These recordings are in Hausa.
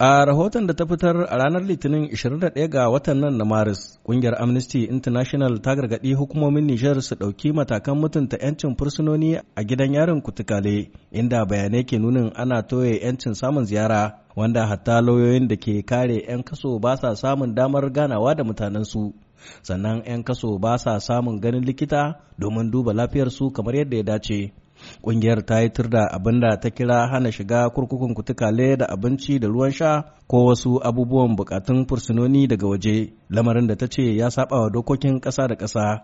A rahoton da ta fitar a ranar Litinin 21 ga watan nan na Maris, ƙungiyar Amnesty International ta gargaɗi hukumomin Nijar su ɗauki matakan mutunta 'yancin fursunoni a gidan yarin kutukale, inda bayanai ke nunin ana toye 'yancin samun ziyara, wanda hatta lauyoyin da ke kare 'yan kaso ba sa samun damar ganawa da mutanensu. Sannan 'yan kaso ba sa samun ganin likita domin duba lafiyarsu kamar yadda ya dace. Ƙungiyar ta yi tur da abin da ta kira hana shiga kurkukun kutukale da abinci da ruwan sha ko wasu abubuwan bukatun fursunoni daga waje, lamarin da ta ce ya saba wa dokokin ƙasa da ƙasa.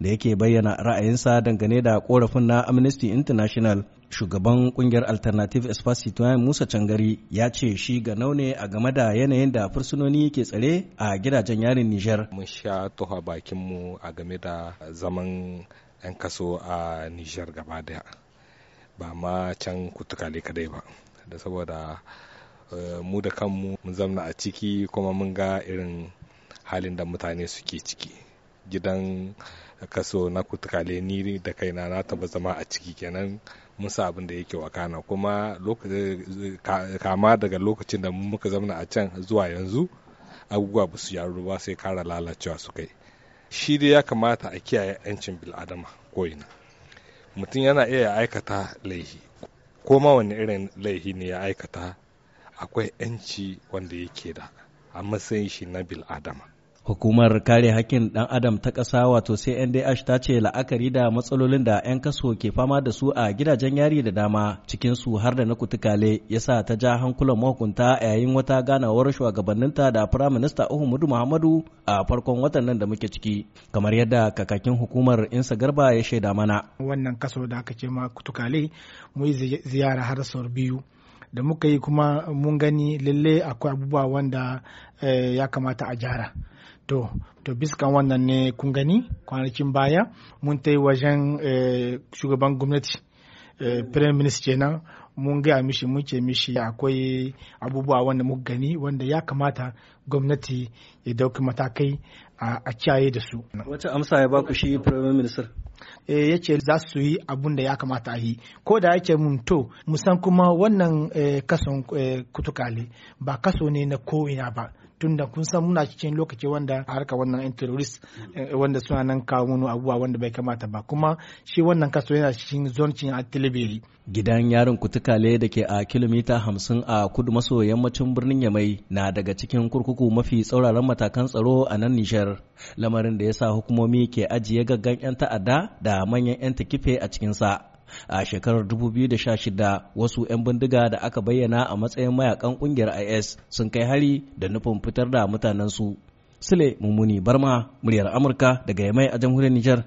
Da yake bayyana ra'ayinsa dangane da korafin na Amnesty International, shugaban kungiyar Alternative Espace Musa Cangari ya ce shi ga ne a game da yanayin da fursunoni ke tsare a gidajen yarin Niger. Mun sha tuha bakinmu a game da zaman 'yan kaso a nijar gaba daya ba ma can kutukale kadai ba da saboda eh, mu da kanmu mun zamna a ciki kuma mun ga irin halin da mutane suke ciki gidan kaso na kutukale ni da kaina na taba zama a ciki kenan musa abin da yake wakana kuma eh, kama daga lokacin da muka zamna a can zuwa yanzu abubuwa ba su yaru ba sai kara lalacewa su kai shi dai ya kamata a kiyaye 'yancin bil'adama ko'ina mutum yana iya aikata laihi ko ma wani irin laihi ne ya aikata akwai 'yanci wanda yake da a matsayin shi na bil'adama Hukumar kare hakkin ɗan Adam ta ƙasa wato CNDH ta ce la'akari da matsalolin da 'yan kaso ke fama da su a gidajen yari da dama cikinsu har da na kutukale yasa ta ja hankulan mahukunta a yayin wata ganawar shugabanninta da Firaminista Uhumudu Muhammadu a farkon watan nan da muke ciki kamar yadda kakakin hukumar Insa Garba ya shaida mana. Wannan kaso da aka ce ma kutukale mu yi ziyara har sau biyu. da muka yi kuma mun gani lalle akwai abubuwa wanda eh, ya kamata a gyara to to biskan wannan ne kun gani kwanakin baya mun ta yi wajen eh, shugaban gwamnati Eh, prime minister kenan mun gaya mishi mun ce mishi akwai abubuwa wanda muka gani wanda ya kamata gwamnati ya dauki matakai a kiyaye da su. Wata amsa ya baku shi Prime Minister? E, ya ce za su yi abun da ya kamata a yi. Ko da yake mun to, musan kuma wannan eh, kason kutukale ba kaso ne na ko'ina ba. tunda kun san muna cikin lokaci wanda harka wannan yan terrorist eh, wanda suna nan kawo mana abubuwa wanda bai kamata ba kuma shi wannan kaso yana cikin zoncin a tilibiri gidan yarin kutukale da ke a kilomita hamsin a kudu maso yammacin birnin yamai na daga cikin kurkuku mafi tsauraran matakan tsaro a nan nishar lamarin da ya sa hukumomi ke ajiye gaggan 'yan ta'adda da manyan 'yan kife a cikinsa a shekarar 2016 wasu 'yan bindiga da aka bayyana a matsayin mayakan kungiyar is sun kai hari da nufin fitar da mutanensu sule mummuni barma muryar amurka daga yamai a jamhuriyar nijar.